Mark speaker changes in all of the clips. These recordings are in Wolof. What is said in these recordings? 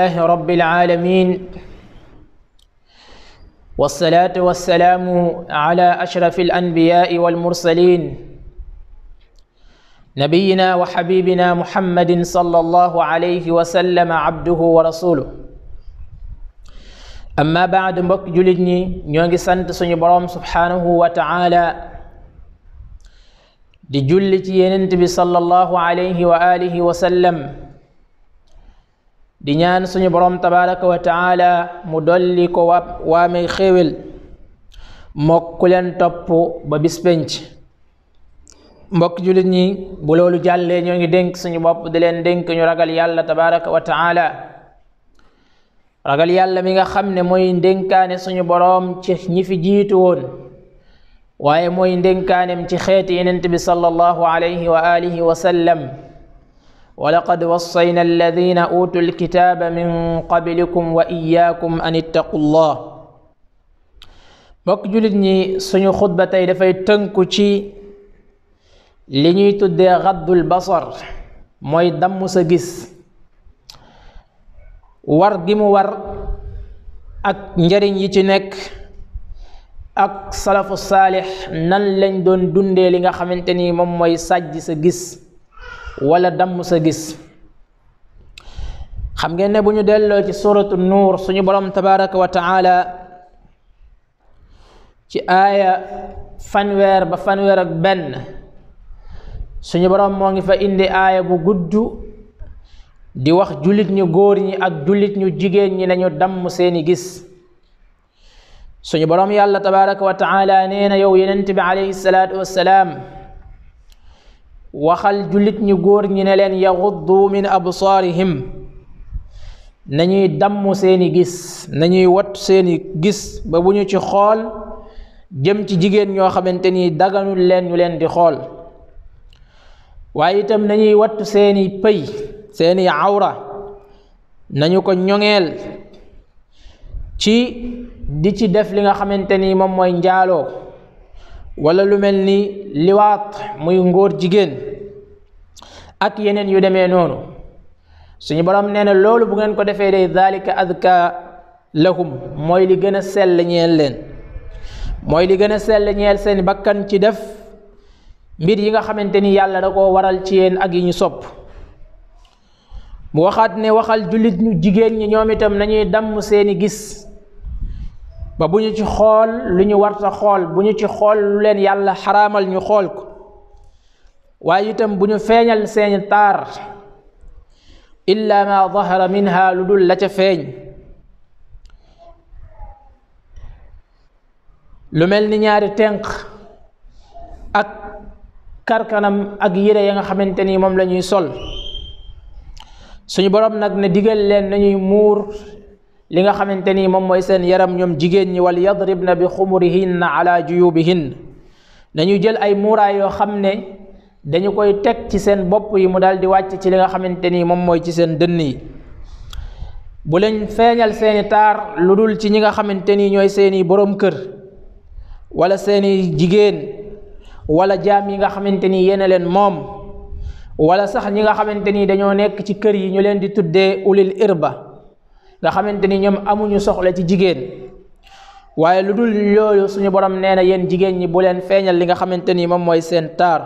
Speaker 1: الله رب العالمين والصلاة والسلام على أشرف الأنبياء والمرسلين نبينا وحبيبنا محمد صلى الله عليه وسلم عبده ورسوله أما بعد mbokk jullit ñi ñoo ngi sant suñu boroom subhanahu wa ta'ala di julli ci Yonent bi sallallahu alayhi wa alihi wa sallam di ñaan suñu borom tabaraka wa taala mu dolli ko wa waame xéewél mokk ku leen topp ba bis penc mbokk jullit ñi bu loolu jàllee ñoo ngi dénk suñu bopp di leen denk ñu ragal yàlla tabaraka wa ragal yàlla mi nga xam ne mooy ndénkaane suñu boroom ci ñi fi jiitu woon waaye mooy ndénkaanem ci xeeti yenent bi sallallahu alayhi wa alihi wa sallam wala ولقد وصينا الذين أوتوا الكتاب من قبلكم وإياكم أن اتقوا الله mbokk jullit ñi suñu xutba tey dafay tënku ci li ñuy tuddee xaddul basar mooy damm sa gis war gi mu war ak njariñ yi ci nekk ak salafu saalix nan lañ doon dundee li nga xamante ni moom mooy sàjj sa gis wala damm sa gis xam ngeen ne bu ñu delloo ci suratu nuur suñu borom tabaraka wa taala ci aaya fanweer ba fanweer ak benn suñu borom moo ngi fa indi aaya bu gudd di wax julit ñu góor ñi ak julit ñu jigéen ñi nañu damm seeni gis suñu borom yàlla tabaraka wa taala nee na yow yenent bi alayhi salaatu wassalaam waxal jullit ñi góor ñi ne leen yaxuddu min absaarihim nañuy damm seeni gis nañuy wat seeni gis ba bu ñu ci xool jëm ci jigéen ñoo xamante ni daganul leen ñu leen di xool waaye itam nañuy wat seeni pëy seeni awra nañu ko ñoŋeel ci di ci def li nga xamante ni moom mooy njaaloo wala lu mel ni liwaat muy ngóor jigéen ak yeneen yu demee noonu suñu borom nee na loolu bu ngeen ko defee day dalika adka lahum mooy li gën a sell ñeel leen mooy li gën a sell ñeel seen bakkan ci def mbir yi nga xamante ni yàlla da koo waral ci yéen ak yi ñu sopp mu waxaat ne waxal jullit ñu jigéen ñi ñoom itam nañuy damm seeni gis ba bu ñu ci xool lu ñu warta xool bu ñu ci xool lu leen yàlla xaraamal ñu xool ko waaye itam bu ñu feeñal seen taar illa ma zahara minha lu dul la ca feeñ lu mel ni ñaari tenq ak karkanam ak yére ya nga xamante ni moom lañuy ñuy sol suñu boroom nag ne digal leen nañuy muur li nga xamante ni moom mooy seen yaram ñoom jigéen ñi wal na bi xumurihinna ala juyubihin nañu jël ay muuraay yoo xam ne dañu koy teg ci seen bopp yi mu daal di wàcc ci li nga xamante ni moom mooy ci seen dënn yi bu leen feeñal seeni taar lu dul ci ñi nga xamante ni ñooy seeni boroom kër wala seeni jigéen walla jaam yi nga xamante ni yéen leen moom wala sax ñi nga xamante ni dañoo nekk ci kër yi ñu leen di tuddee ulil ba nga xamante ni ñoom amuñu soxla ci jigéen waaye lu dul loolu suñu borom nee na yéen jigéen ñi bu leen feeñal li nga xamante ni moom mooy seen taar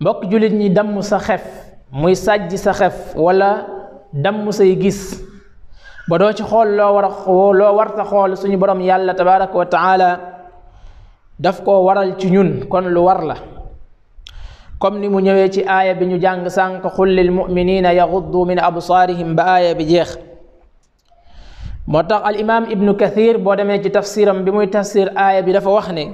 Speaker 1: mbokk jullit ñi damm sa xef muy sàjj sa xef wala damm say gis ba doo ci xool loo war a loo warta xool suñu borom yàlla tabaraka wa taala daf koo waral ci ñun kon lu war la comme ni mu ñëwee ci aaya bi ñu jàng sànq xul lil muminina yaxuddu min absaarihim ba aaya bi jeex moo tax al imaam ibnu kathir boo demee ci tafsiram bi muy tafsir aaya bi dafa wax ne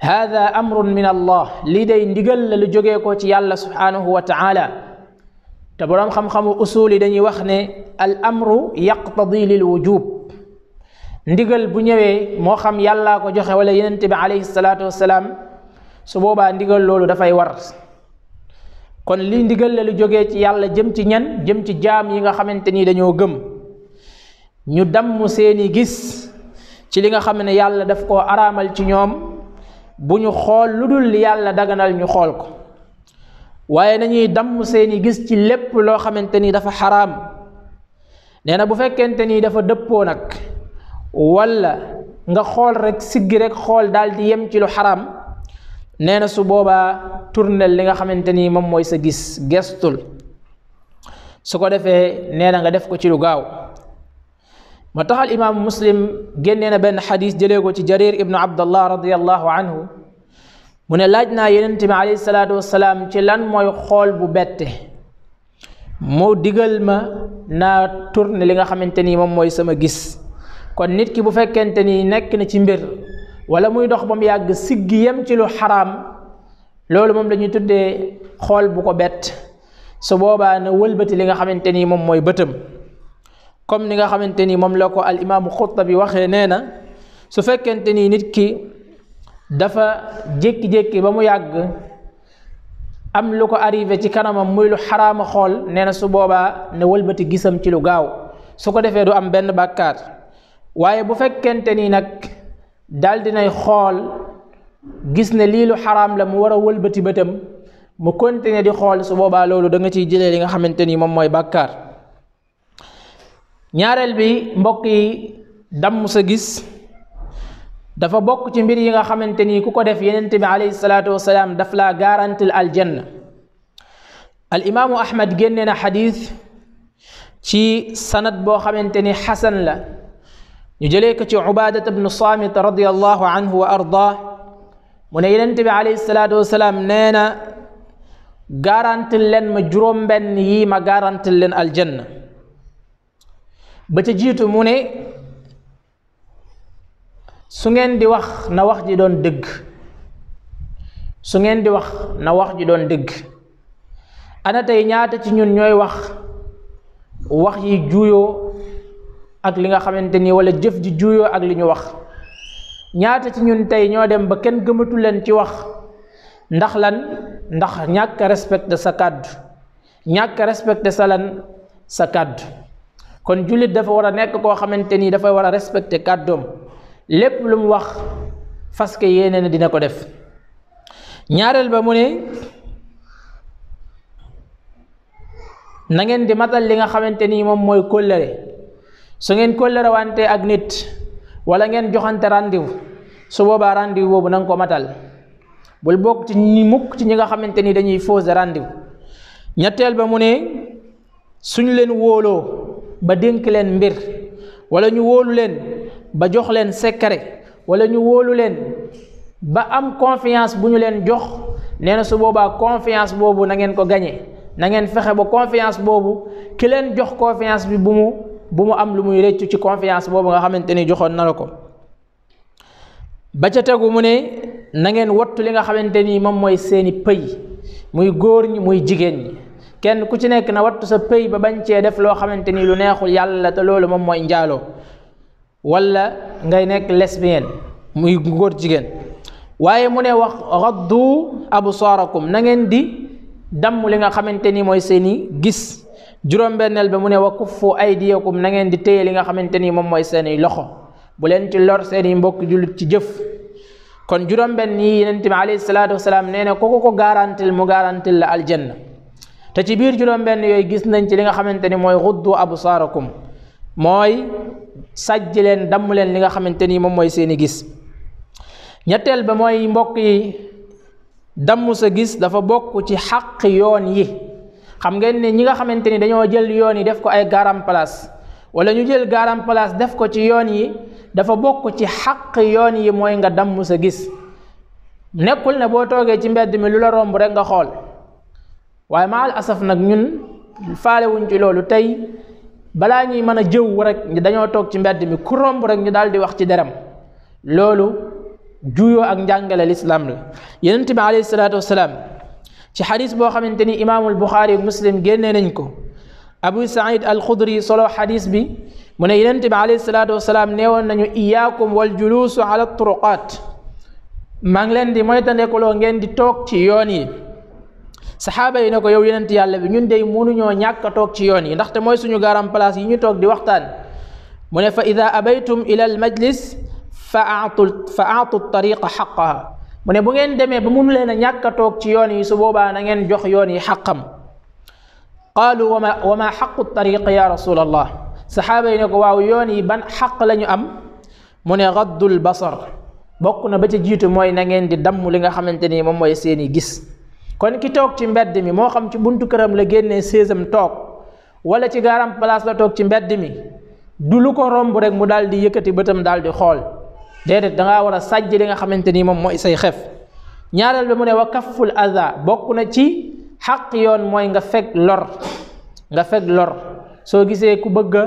Speaker 1: amr amrun min allah lii day ndigal la lu ko ci yàlla subhaanahu wa taala te boroom xam-xamu usuul yi dañuy wax ne al amru ndigal bu ñëwee moo xam yàllaa ko joxe wala yenente bi alayhi salaatu salaam su boobaa ndigal loolu dafay war kon li ndigal la lu jógee ci yàlla jëm ci ñan jëm ci jaam yi nga xamante ni dañoo gëm ñu damm seeni gis ci li nga xam ne yàlla daf koo araamal ci ñoom bu ñu xool lu dul yàlla daganal ñu xool ko waaye nañuy damm seeni gis ci lépp loo xamante ni dafa xaraam nee na bu fekkente ni dafa dëppoo nag walla nga xool rekk siggi rekk xool daal di yem ci lu xaraam nee na su boobaa tournel li nga xamante ni moom mooy sa gis gestul su ko defee nee na nga def ko ci lu gaaw ma taxal imaamu muslim génnee na benn xadis jëlee ko ci jarir ibnu abdallah radiallahu anhu mu ne laaj naa yenent bi alayhi salaatu ci lan mooy xool bu bette moo digal ma naa tourne li nga xamante ni moom mooy sama gis kon nit ki bu fekkente ni nekk na ci mbir wala muy dox ba mu yàgg siggi yem ci lu xaraam loolu moom la ñuy tuddee xool bu ko bett su boobaa ne wëlbati li nga xamante ni moom mooy bëtam comme ni nga xamante ni moom la ko al imaamu bi waxee nee na su fekkente ni nit ki dafa jékki-jékki ba mu yàgg am lu ko arive ci kanamam muy lu xaraama xool nee na su boobaa ne wëlbati gisam ci lu gaaw su ko defee du am benn bàkkaar waaye bu fekkente ni nag dal nay xool gis ne lii lu xaraam la mu war a wëlbati bëtam mu continuer di xool su boobaa loolu da nga ciy jëlee li nga xamante ni moom mooy bàkkaar ñaareel bi mbokk yi damm sa gis dafa bokk ci mbir yi nga xamante ni ku ko def yenent bi alayhi salaatu wasalaam daf laa garantil aljanna al imaamu ahmad génne na xadiis ci sanad boo xamante ni xasan la ñu jëlee ko ci ubaadat ibnu saamit radiallahu anhu wa ardaa mu ne yonent bi alayhi salaatu wasalaam nee na garantil leen ma juróom benn yi ma garantil leen aljanna ba ca jiitu mu ne su ngeen di wax na wax ji doon dëgg su ngeen di wax na wax ji doon dëgg ana tey ñaata ci ñun ñooy wax wax yi juuyoo ak li nga xamante ni wala jëf ji juuyoo ak li ñu wax ñaata ci ñun tey ñoo dem ba kenn gëmatu leen ci wax ndax lan ndax ñàkk respecté sa kàddu ñàkk respecté sa lan sa kàddu kon jullit dafa war a nekk koo xamante ni dafay war a respecté kàddoom lépp lu mu wax fas ke dina ko def ñaareel ba mu ne na ngeen di matal li nga xamante ni moom mooy kóllëre su ngeen kóllërawante ak nit wala ngeen joxante rendez su boobaa rendez-vous boobu na ko matal bul bokk ci ñi mukk ci ñi nga xamante ni dañuy foose rendez-vous ñetteel ba mu ne suñ leen wóoloo ba dénk leen mbir wala ñu wóolu leen ba jox leen secret wala ñu wóolu leen ba am confiance bu ñu leen jox nee na su boobaa confiance boobu na ngeen ko gañe na ngeen fexe ba confiance boobu ki leen jox confiance bi bu mu bu mu am lu muy rëccu ci confiance boobu nga xamante ni joxoon na la ko ba ca tegu mu ne na ngeen wattu li nga xamante ni moom mooy seeni pëy muy góor ñi muy jigéen ñi kenn ku ci nekk na wattu sa pëy ba bañ cee def loo xamante ni lu neexul yàlla te loolu moom mooy njaaloo wala ngay nekk lesbienne muy góor jigéen waaye mu ne wax raddu absaarakum na ngeen di damm li nga xamante ni mooy seeni gis juróom-benneel bi mu ne wa kuffu aydiyakum nangeen di téye li nga xamante ni moom mooy seeni loxo bu leen ci lor seeni mbokk jullit ci jëf kon juróom-benn yi yonent bi alayhi salaatu wasalaam nee na kooku ko garantil mu garantil la aljanna te ci biir juróom-benn yooyu gis nañ ci li nga xamante ni mooy xuddu absaarakum mooy sàjj leen damm leen li nga xamante ni moom mooy seeni gis ñetteel ba mooy mbokk yi damm sa gis dafa bokk ci xaq yoon yi xam ngeen ne ñi nga xamante ni dañoo jël yoon yi def ko ay garam place wala ñu jël garam place def ko ci yoon yi dafa bokk ci xaq yoon yi mooy nga damm sa gis nekkul ne boo toogee ci mbedd mi lu la romb rek nga xool waaye maal asaf nag ñun faalewuñ ci loolu tey balaa ñuy mën a jëw rek dañoo toog ci mbedd mi ku romb rek ñu daal di wax ci deram loolu juyoo ak njàngale lislaam la yonent bi alayhi salaatu wasalaam ci xadis boo xamante ni imaamul buxaari muslim génnee nañ ko abu said alxudri solo xadis bi mu ne yonent bi alayhi salaatu wasalaam neewoon nañu iyaakum wal juluusu ala turuqaat maa ngi leen di moytandekuloo ngeen di toog ci yoon yi saxaaba yi na ko yow yonent yàlla bi ñun dey mënuñoo ñàkk a toog ci yoon yi ndaxte mooy suñu garam place yi ñu toog di waxtaan mu ne fa ida abaytum ila al majlis fa aatu fa aatu tariqa mu ne bu ngeen demee ba mun leen a ñàkk a toog ci yoon yi su boobaa na ngeen jox yoon yi xaqam qaalu wama wa ma xaqu tariq ya rasul allah saxaaba yi ne ko waaw yoon yi ban xaq lañu am mu ne raddul basar bokk na ba ca jiitu mooy na ngeen di damm li nga xamante ni moom mooy seeni gis kon ki toog ci mbedd mi moo xam ci buntu këram la génnee séesam toog wala ci garam place la toog ci mbedd mi du lu ko romb rek mu daal di yëkkati bëtam daal di xool déedéet dangaa war a sàjj li nga xamante ni moom mooy say xef ñaareel bi mu ne wa kafful aza bokk na ci xaq yoon mooy nga fekk lor nga fekk lor soo gisee ku bëgg a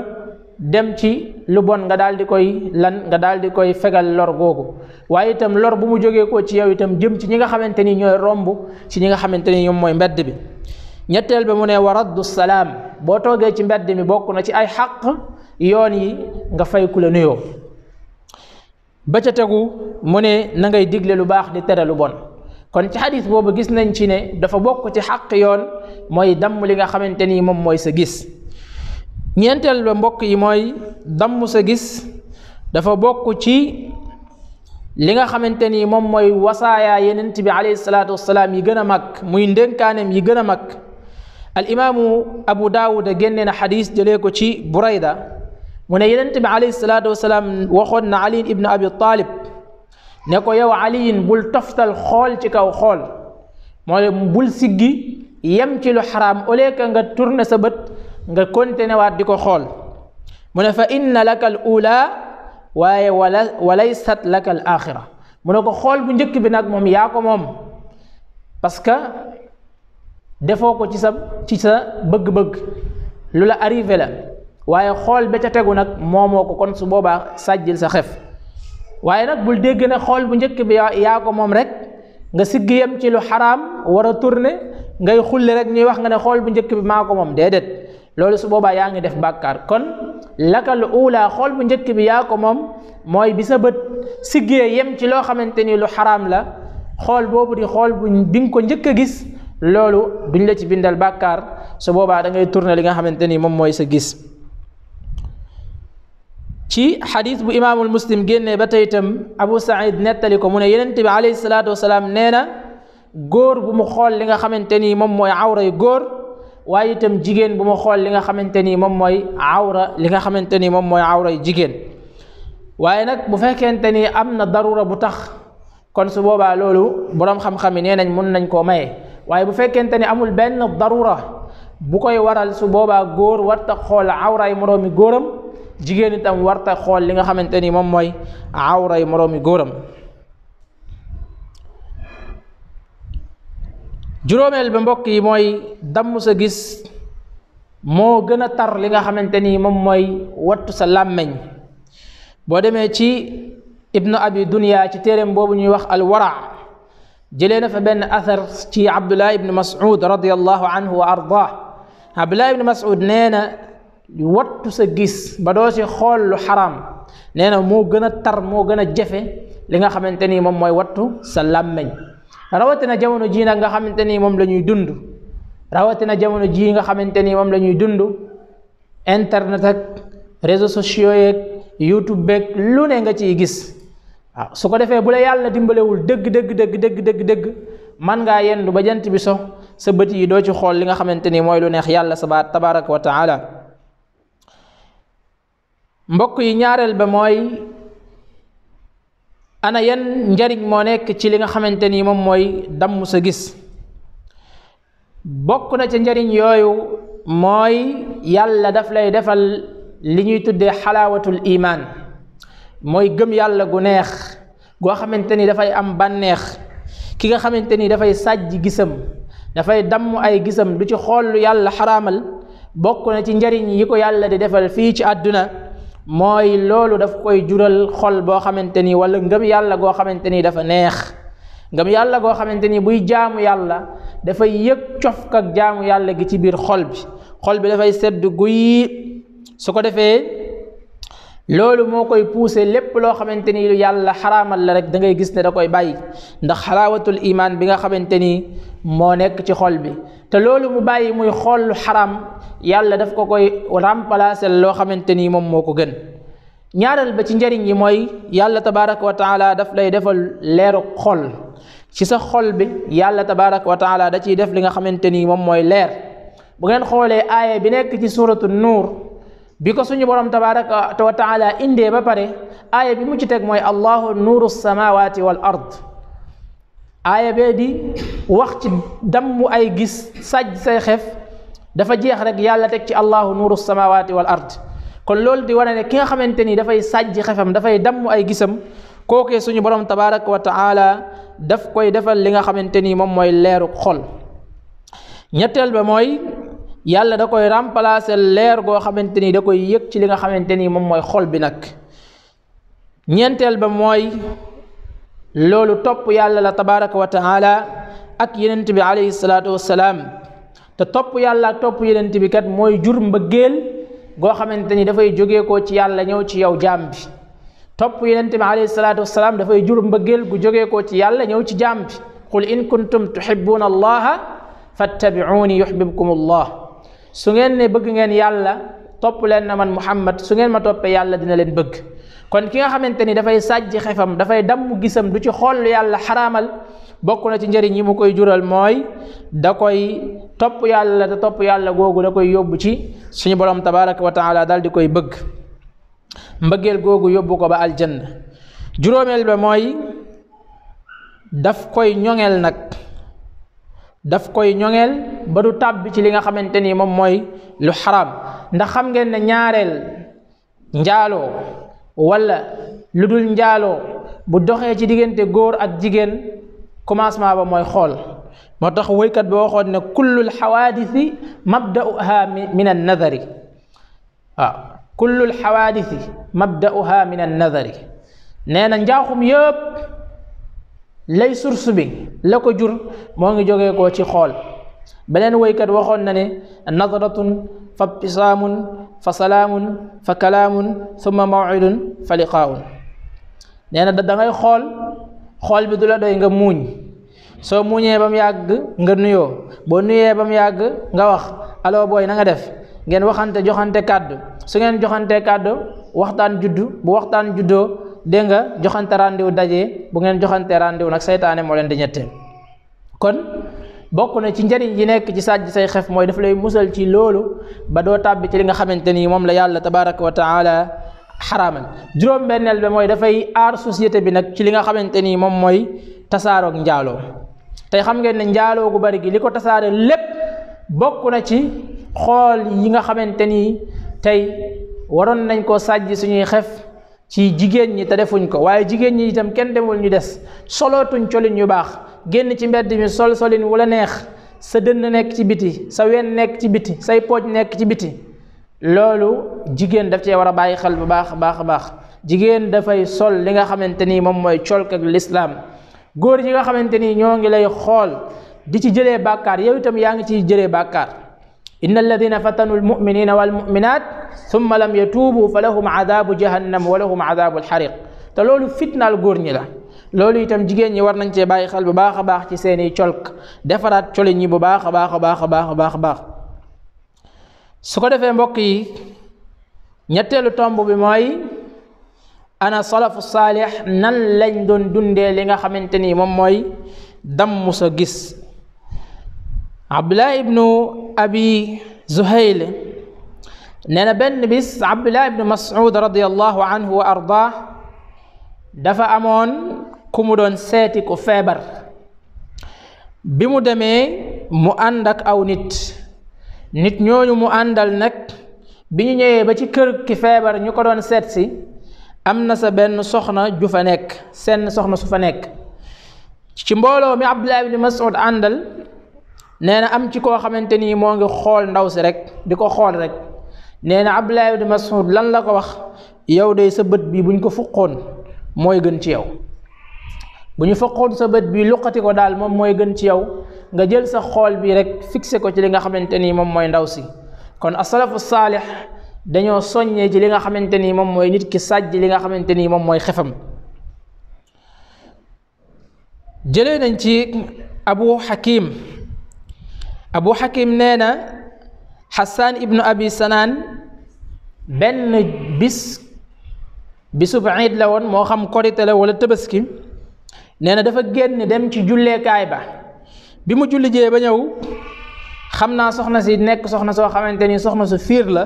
Speaker 1: dem ci lu bon nga daal di koy lan nga daal di koy fegal lor googu waaye itam lor bu mu jógee ko ci yow itam jëm ci ñi nga xamante ni ñooy romb ci ñi nga xamante ni ñoom mooy mbedd bi ñetteel bi mu ne wa raddu salaam boo toogee ci mbedd mi bokk na ci ay xaq yoon yi nga fay ku la nuyoo ba ca tegu mu ne na ngay digle lu baax di tere lu bon kon ci xadis boobu gis nañ ci ne dafa bokk ci xàq yoon mooy damm li nga xamante ni moom mooy sa gis ñeenteel ba mbokk yi mooy damm sa gis dafa bokk ci li nga xamante ni moom mooy wasaaya yenent bi alayhi salaatu wasalaam yi gën a mag muy ndénkaaneem yi gën a mag al imaamu abu daawuda génne na xadis jëlee ko ci burayda mu ne yonent bi alayhi salaam wasalaam waxoon na ali ibn abi talib ne ko yow aliyin bul toftal xool ci kaw xool mooy bul siggi yam ci lu xaraam au lieu nga tourner sa bët nga continuer waat di ko xool mu ne fa inna laka al ula waaye wala walaysat laka al axira mu ne ko xool bu njëkk bi nag moom yaa ko moom parce que defoo ko ci sa ci sa bëgg lu la arrivé la waaye xool ba ca tegu nag moomoo ko kon su boobaa sàjjil sa xef waaye nag bul dégg ne xool bu njëkk bi yaa ko moom rek nga siggi yam ci lu xaraam war a tourner ngay xulli rek ñuy wax nga ne xool bu njëkk bi maa moom déedéet loolu su boobaa yaa ngi def bàkkaar kon lakal uulaa xool bu njëkk bi yaa ko moom mooy bi sa bët siggee yem ci loo xamante ni lu xaraam la xool boobu di xool bu bi nga ko njëkk a gis loolu duñ la ci bindal bàkkaar su boobaa da ngay tourner li nga xamante ni moom mooy sa gis ci xadis bu imaamul muslim génnee ba tey itam abu saïd nettali ko mu ne yonent bi alayhi salaatu salaam nee na góor bu mu xool li nga xamante ni moom mooy awra yu góor waaye itam jigéen bu mu xool li nga xamante ni moom mooy awra li nga xamante ni moom mooy awra yu jigéen waaye nag bu fekkente ni am na darura bu tax kon su boobaa loolu boroom xam-xam yi nee nañ mun nañ koo maye waaye bu fekkente ni amul benn darura bu koy waral su boobaa góor warta xool awray moroomi góoram jigéen itam warta xool li nga xamante ni moom mooy awray moroomi góoram juróomeel ba mbokk yi mooy damm sa gis moo gën a tar li nga xamante ni moom mooy wattu sa làmmeñ boo demee ci ibnu abi dunya ci téeréem boobu ñuy wax alwara jëlee na fa benn athar ci abdullah ibnu mas'ud radiallahu anhu wa ardah abdullah ibnu mas'ud nee wattu sa gis ba doo ci xool lu xaraam nee na moo gën a tar moo gën a jafe li nga xamante ni moom mooy wattu sa làmmeñ rawatina jamono jii nag nga xamante ni moom lañuy ñuy dund rawatina jamono ji nga xamante ni moom la ñuy internet ak réseaux sociaux yeeg youtube beeg lu ne nga ciy gis waaw su ko defee bu la yàlla dimbalewul dëgg dëgg dëgg dëgg dëgg dëgg man ngaa yendu ba jant bi so sa bët yi doo ci xool li nga xamante ni mooy lu neex yàlla sa tabaraka wa taala mbokk yi ñaareel ba mooy ana yan njariñ moo nekk ci li nga xamante ni moom mooy damm sa gis bokk na ca njariñ yooyu mooy yàlla daf lay defal li ñuy tuddee xalaawatul imaan mooy gëm yàlla gu neex goo xamante ni dafay am bànneex ki nga xamante ni dafay sàjj gisam dafay damm ay gisam du ci xool yàlla xaraamal bokk na ci njariñ yi ko yàlla di defal fii ci àdduna mooy loolu daf koy jural xol boo xamante ni wala ngëm yàlla goo xamante ni dafa neex ngëm yàlla goo xamante ni buy jaamu yàlla dafay yëg cof ak jaamu yàlla gi ci biir xol bi xol bi dafay sedd guyi su ko defee loolu moo koy poussé lépp loo xamante ni lu yàlla xaraamal la rek dangay gis ne da koy bàyyi ndax xalaawatul imaan bi nga xamante ni moo nekk ci xol bi te loolu mu bàyyi muy xool lu yàlla daf ko koy remplacer loo xamante ni moom moo ko gën ñaareel ba ci njariñ yi mooy yàlla tabaraka wa taala daf lay defal leeru xool ci sa xol bi yàlla tabaraka wa taala da ciy def li nga xamante ni moom mooy leer bu ngeen xoolee aaya bi nekk ci suratu nuur bi ko suñu borom tabaraka wa taala indee ba pare aaya bi mu ci teg mooy allahu nuuru samawati wal ard aaya bee di wax ci damm ay gis sàjj say xef dafa jeex rek yàlla teg ci allahu nuuru samawati wal ard kon loolu di wane ne ki nga xamante ni dafay sàjj xefam dafay damm ay gisam kookee suñu borom tabaraka wa taala daf koy defal li nga xamante ni moom mooy leeru xol ñetteel ba mooy yàlla da koy remplacer leer goo xamante ni da koy yëg ci li nga xamante ni moom mooy xol bi nag ñeenteel ba mooy loolu topp yàlla la tabaraka wa taala ak yenent bi alayhi salaatu salaam te topp yàlla topp yenent bi kat mooy jur mbëggeel goo xamante ni dafay jóge ko ci yàlla ñëw ci yow jaam bi topp yenent bi alayhi salaatu wassalaam dafay jur mbëggeel gu jóge ko ci yàlla ñëw ci jaam bi qul in kuntum tuhibbuna allaha fattabi'uni yuhbibkum allah su ngeen ne bëgg ngeen yàlla topp leen na man muhammad su ngeen ma toppee yàlla dina leen bëgg kon ki nga xamante ni dafay sàjj xefam dafay damm gisam du ci xool yàlla xaraamal bokk na ci njëriñ yi mu koy jural mooy da koy topp yàlla te topp yàlla googu da koy yóbbu ci suñu borom tabaraka wa taala daal di koy bëgg mbëggeel googu yóbbu ko ba aljanna juróomeel ba mooy daf koy ñoŋeel nag daf koy ñoŋeel ba du tàbbi ci li nga xamante ni moom mooy lu xaraam ndax xam ngeen ne ñaareel njaaloo walla lu dul njaaloo bu doxee ci diggante góor ak jigéen commencement ba mooy xool moo tax woykat ba waxoon ne kullul xawaadisi mabda'uha min an nazari waaw kullul xawaadisi mabda'uha min an nazari nee njaaxum yëpp lay source bi la ko jur moo ngi jógee koo ci xool beneen woykat waxoon na ne nadratun fa btisaamun fa salaamun fa kalaamun summa mawcidun fa liqaawun nee da ngay xool xool bi du la doy nga muuñ soo muuñee ba mu yàgg nga nuyoo boo nuyee ba mu yàgg nga wax aloo booy na def ngeen waxante joxante kàddu su ngeen joxante kàddu waxtaan juddu bu waxtaan juddoo dégg nga joxante rendez-vous daje bu ngeen joxante rendez-vous nag saytaane moo leen di ñetteel kon bokk na ci njëriñ yi nekk ci sàjj say xef mooy daf lay musal ci loolu ba doo tàbbi ci li nga xamante ni moom la yàlla tabaraka wa taala xaraamal juróom-benneel mooy dafay aar société bi nag ci li nga xamante ni moom mooy tasaaroog njaaloo tey xam ngeen ne njaaloo gu bari gi li ko tasaare lépp bokk na ci xool yi nga xamante ni tey waroon nañ koo sàjj suñuy xef ci jigéen ñi te defuñ ko waaye jigéen ñi itam kenn demul ñu des solootuñ colin yu baax génn ci mbedd mi sol solin wala neex sa dënn nekk ci biti sa wen nekk ci biti say pooj nekk ci biti loolu jigéen daf cee war a bàyyi xel bu baax a baax a baax jigéen dafay sol li nga xamante ni moom mooy colk ak lislaam góor yi nga xamante ni ñoo ngi lay xool di ci jëlee bàkkaar yow itam yaa ngi ciy jëlee bàkkaar inna alladina fatanu almuminina walmuminat summa lam yatuubu fa lahum adabu jahannam wa lahum adabu alxariq te loolu fitnaal góor ñi la loolu itam jigéen ñi war nañ cee bàyyi xel bu baax a baax ci seeni colk defaraat coli ñi bu baax a baax a baax a baax a baax su ko defee mbokk yi ñetteelu tomb bi mooy ana salafu saalix nan lañ doon dundee li nga xamante ni moom mooy dam musa gis abdullah ibnu abi zuhayl nee na benn bis abdullah ibnu mas'ud radiallahu anhu wa ardah dafa amoon ku mu doon seeti ku feebar bi mu demee mu àndak aw nit nit ñooñu mu àndal nag bi ñu ñëwee ba ci kër ki feebar ñu ko doon seet si am na sa benn soxna ju fa nekk seen soxna su fa nekk ci mbooloo mi abdullah ibnu mas'ud àndal nee na am ci koo xamante nii moo ngi xool ndaw si rek di ko xool rek nee na Abdullah ibn lan la ko wax yow de sa bët bi buñ ko fuqoon mooy gën ci yow bu ñu foqoon sa bët bi luqati ko daal moom mooy gën ci yow nga jël sa xool bi rek fixé ko ci li nga xamante ni moom mooy ndaw si kon asalafu saalix dañoo soññee ci li nga xamante ni moom mooy nit ki sàjj li nga xamante ni moom mooy xefam jële nañ ci abu hakim abu hakim nee na xasaan ibnu abi sanaan benn bis bisub iid la woon moo xam korite la wala tabaski nee na dafa génn dem ci julleekaay ba bi mu julli jee ba ñëw xam naa soxna si nekk soxna soo xamante ni soxna su fiir la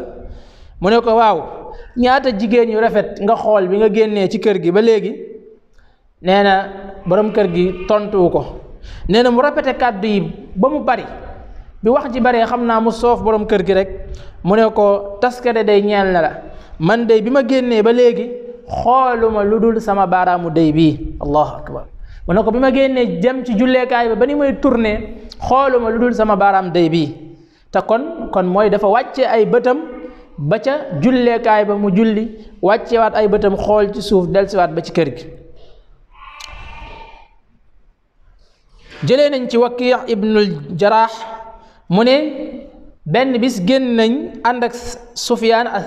Speaker 1: mu ne ko waaw ñaata jigéen yu rafet nga xool bi nga génnee ci kër gi ba léegi nee na borom kër gi tontuwu ko nee na mu rafete kàddu yi ba mu bari bi wax ji baree xam naa mu soof borom kër gi rek mu ne ko taskade day ñeel na la man dey bi ma génnee ba léegi xooluma lu dul sama baaraamu dey bii allahu ko bi ma génnee jëm ci julleekaay ba ba ni may tourné xooluma lu dul sama baaraam day bii te kon kon mooy dafa wàcce ay bëtam ba ca julleekaay ba mu julli wàccewaat ay bëtam xool ci suuf delsiwaat ba ci kër gi jëlee nañ ci waqi ibnul jaraax mu ne benn bis génn nañ ànd ak sufyaan al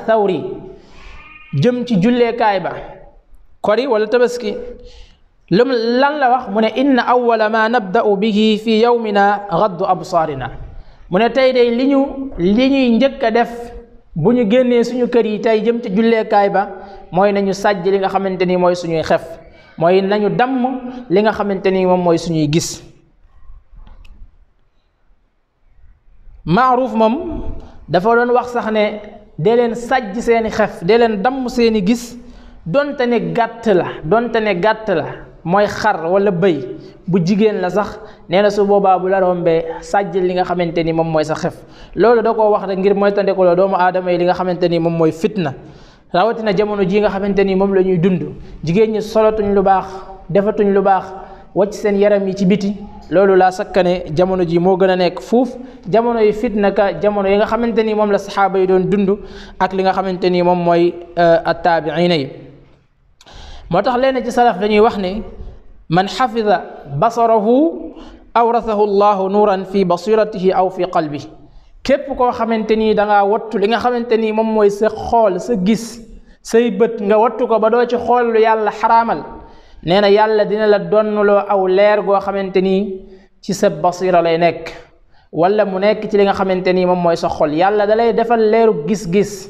Speaker 1: jëm ci julleekaay ba kori wala tabaski lum lan la wax mu ne inna awwala ma nabda'u bihi fi yawmina gaddu absaarina mu ne tey day li ñu li ñuy njëkk a def bu ñu génnee suñu kër yi tey jëm ci julleekaay ba mooy nañu sàjj li nga xamante ni mooy suñuy xef mooy nañu damm li nga xamante ni moom mooy suñuy gis maaruuf moom dafa doon wax sax ne dee leen sàjj seeni xef dee leen damm seeni gis donte ne gàtt la donte ne gàtt la mooy xar wala bëy bu jigéen la sax nee na su boobaa bu la rombee sàjj li nga xamante ni moom mooy sa xef loolu da koo wax rek ngir mooy tandekuloo doomu aadama yi li nga xamante ni moom mooy fitna rawatina jamono ji nga xamante ni moom la ñuy dund jigéen ñi solatuñ lu baax defatuñ lu baax wacc seen yaram yi ci biti loolu laa sakkane jamono ji moo gën a nekk fuuf jamono yi fitna ka jamono yi nga xamante ni moom la saxaaba yi doon dund ak li nga xamante ni moom mooy euh, attaabiina yi moo tax leen ci salaf dañuy wax ne man xafida basarahu awrasahu llahu nuuran fi basiratihi aw fi qalbi képp koo xamante ni dangaa wattu li nga xamante ni moom mooy sa xool sa gis say bët nga wattu ko ba doo ci xool yàlla xaraamal nee na yàlla dina la donnloo aw leer goo xamante ni ci sa basira lay nekk walla mu nekk ci li nga xamante ni moom mooy sa xol yàlla da defal leeru gis-gis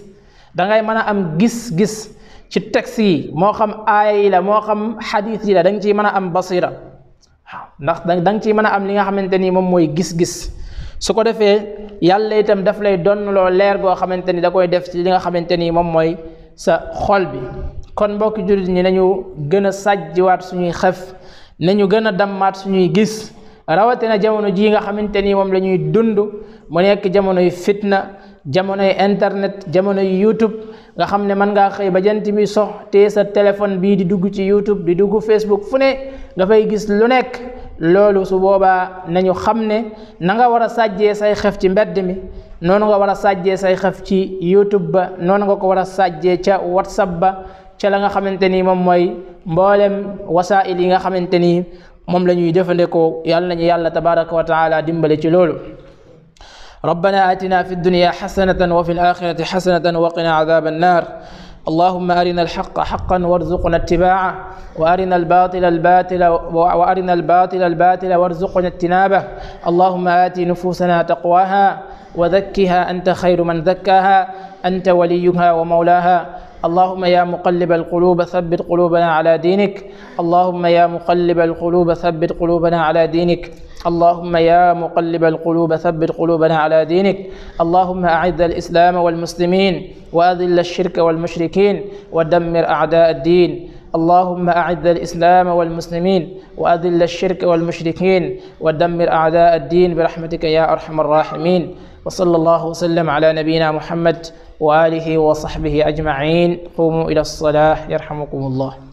Speaker 1: da mën a am gis-gis ci texte moo xam aaya moo xam xadiis yi la ciy mën a am basira waaw ndax da nga ciy mën a am li nga xamante ni moom mooy gis-gis su ko defee yàlla itam daf lay donnloo leer goo xamante ni da koy def ci li nga xamante ni moom mooy sa xol bi kon mbokki jullit ñi nañu gën a sàjjiwaat suñuy xef nañu gën a dammaat suñuy gis rawatina jamono jii nga xamante ni moom la ñuy dund mu nekk jamonoy fitna jamonoy internet jamono jamonoy youtube nga xam ne mën ngaa xëy ba jant bi sox te sa téléphone bii di dugg ci youtube di dugg facebook fu ne nga fay gis lu nekk loolu su boobaa nañu xam ne na nga war a sàjjee say xef ci mbedd mi noonu nga war a sàjjee say xef ci youtube ba noonu nga ko war a sàjjee ca whatsapp ba ca la nga xamante ni moom mooy mboolem wasaa'il yi nga xamante ni moom la ñuy jëfandikoo yàlla nañu yàlla tabaraka wa taala dimbale ci loolu ربنا آتنا في الدنيا حسنة وفي الآخرة حسنة وقنا عذاب النار اللهم أرنا الحق حقا وارزقنا اتباعه وأرنا الباطل الباطل وأرنا الباطل الباطل وارزقنا اجتنابه اللهم آت نفوسنا تقواها وزكها أنت خير من زكاها أنت وليها ومولاها اللهم يا مقلب القلوب ثبت قلوبنا على دينك اللهم يا مقلب القلوب ثبت قلوبنا على دينك اللهم يا مقلب القلوب ثبت قلوبنا على دينك اللهم أعز الإسلام والمسلمين وأذل الشرك والمشركين ودمر أعداء الدين اللهم أعز الإسلام والمسلمين وأذل الشرك والمشركين ودمر أعداء الدين برحمتك يا أرحم الراحمين وصلى الله وسلم على نبينا محمد وآله وصحبه أجمعين قوموا إلى الصلاة يرحمكم الله